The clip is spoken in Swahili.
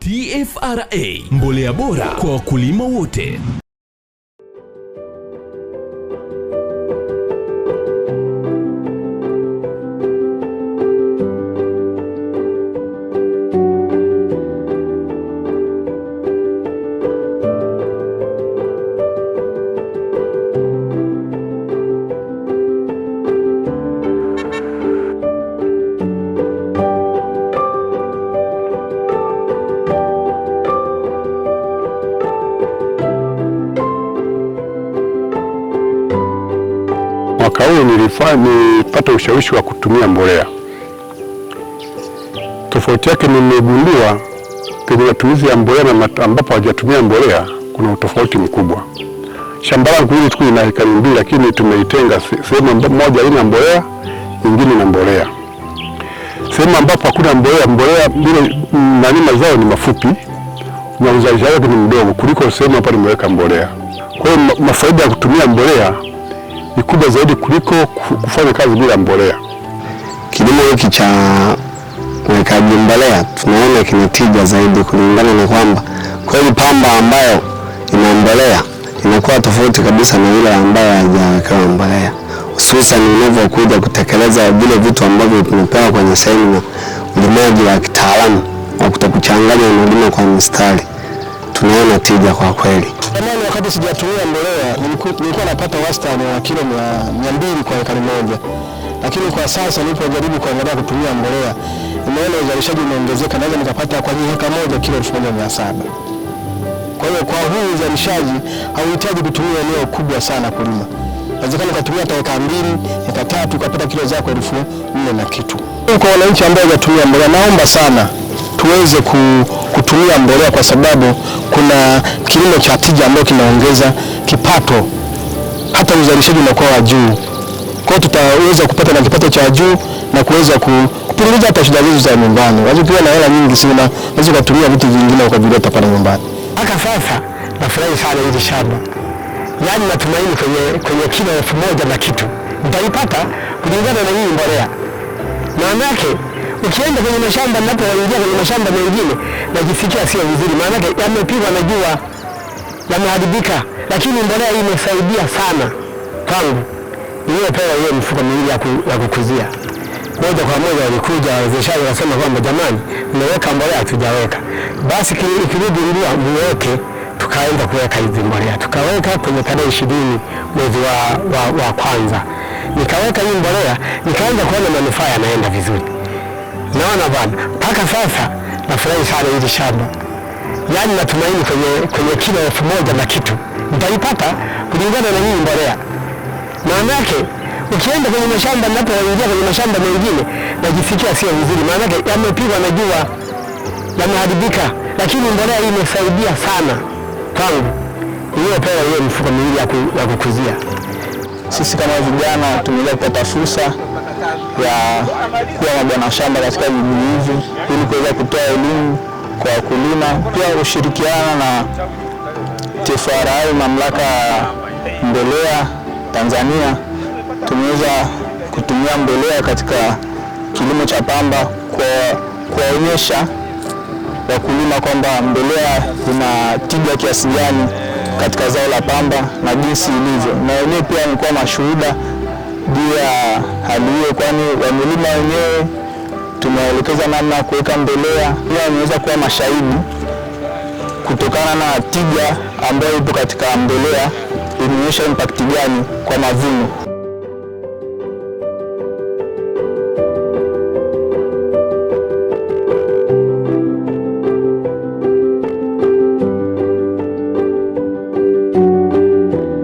TFRA, mbolea bora kwa wakulima wote. mwaka huu nilipata ushawishi wa kutumia mbolea. Tofauti yake nimegundua kwenye matumizi ya mbolea na ambapo hajatumia mbolea kuna utofauti mkubwa. Shamba langu hili siku ina hekari mbili, lakini tumeitenga sehemu moja ina mbolea, nyingine na mbolea. Sehemu ambapo hakuna mbolea, mbolea bila nani, mazao ni mafupi na uzalishaji wake ni mdogo kuliko sehemu hapa nimeweka mbolea. Kwa hiyo mafaida ya kutumia mbolea ni kubwa zaidi kuliko kufanya kazi bila mbolea. Kilimo hiki cha wekaji mbolea tunaona kina tija zaidi kulingana na kwamba kweli pamba ambayo ina mbolea inakuwa tofauti kabisa na ile ambayo haijawekewa mbolea, hususan unavyokuja kutekeleza vile vitu ambavyo tumepewa kwenye sehemu na ulimaji wa kitaalamu wa kutokuchanganya na ulima kwa mstari, tunaona tija kwa kweli. Zamani wakati sijatumia mbolea nilikuwa napata wastani wa kilo mia mbili kwa ekari moja, lakini kwa sasa nilipojaribu kuangalia kutumia mbolea nimeona uzalishaji umeongezeka, naweza nikapata kwa heka moja kilo elfu moja mia saba. Kwa hiyo kwa huu uzalishaji hauhitaji kutumia eneo kubwa sana kulima, inawezekana ukatumia hata heka mbili heka tatu ukapata kilo zako elfu nne na kitu. Kwa wananchi ambao hawajatumia mbolea, naomba sana tuweze kutumia mbolea kwa sababu kuna kilimo cha tija ambayo kinaongeza kipato, hata uzalishaji unakuwa wa juu. Kwa hiyo tutaweza kupata na kipato cha juu na kuweza kupunguza hata shida zetu za nyumbani. Ukiwa na hela nyingi sana unaweza kutumia vitu vingine ukavileta pale nyumbani. Mpaka sasa nafurahi sana hili shamba, yaani natumaini kwenye, kwenye kilo elfu moja na kitu nitaipata kulingana na hii mbolea maana yake Ukienda kwenye mashamba, napoingia kwenye mashamba mengine najisikia sio vizuri, maanake yamepigwa na jua yameharibika, lakini mbolea hii imesaidia sana kwangu. Niliyopewa hiyo mifuko miwili ya ya kukuzia, moja kwa moja walikuja wawezeshaji wakasema kwamba jamani, mmeweka mbolea, hatujaweka basi, ikirudi mbua muweke tukaenda kuweka hizi mbolea tukaweka kwenye tarehe ishirini mwezi wa, wa, wa kwanza nikaweka hii mbolea, nikaanza kuona manufaa yanaenda vizuri. Naona bwana, mpaka sasa nafurahi sana hili shamba, yaani natumaini kwenye, kwenye kilo elfu moja na kitu nitaipata kulingana na hii mbolea. Maana yake ukienda kwenye mashamba, napoingia kwenye mashamba mengine najisikia sio vizuri, maana yake yamepigwa na jua, yameharibika, lakini mbolea hii imesaidia sana kwangu iliyopewa hiyo mifuko miwili ya kukuzia. Sisi kama vijana tumeweza kupata fursa ya kuwa mabwana shamba katika vijiji hivi ili kuweza kutoa elimu kwa wakulima, pia kushirikiana na TFRA, mamlaka ya mbolea Tanzania. Tumeweza kutumia mbolea katika kilimo cha pamba kwa kuwaonyesha wakulima kwamba mbolea ina tija kiasi gani katika zao la pamba na jinsi ilivyo, na wenyewe pia nilikuwa mashuhuda juu ya hali hiyo, kwani wamilima wenyewe tumewaelekeza namna ya kuweka mbolea. Pia wameweza kuwa mashahidi kutokana na tija ambayo ipo katika mbolea, imeonyesha impact gani kwa mavuno.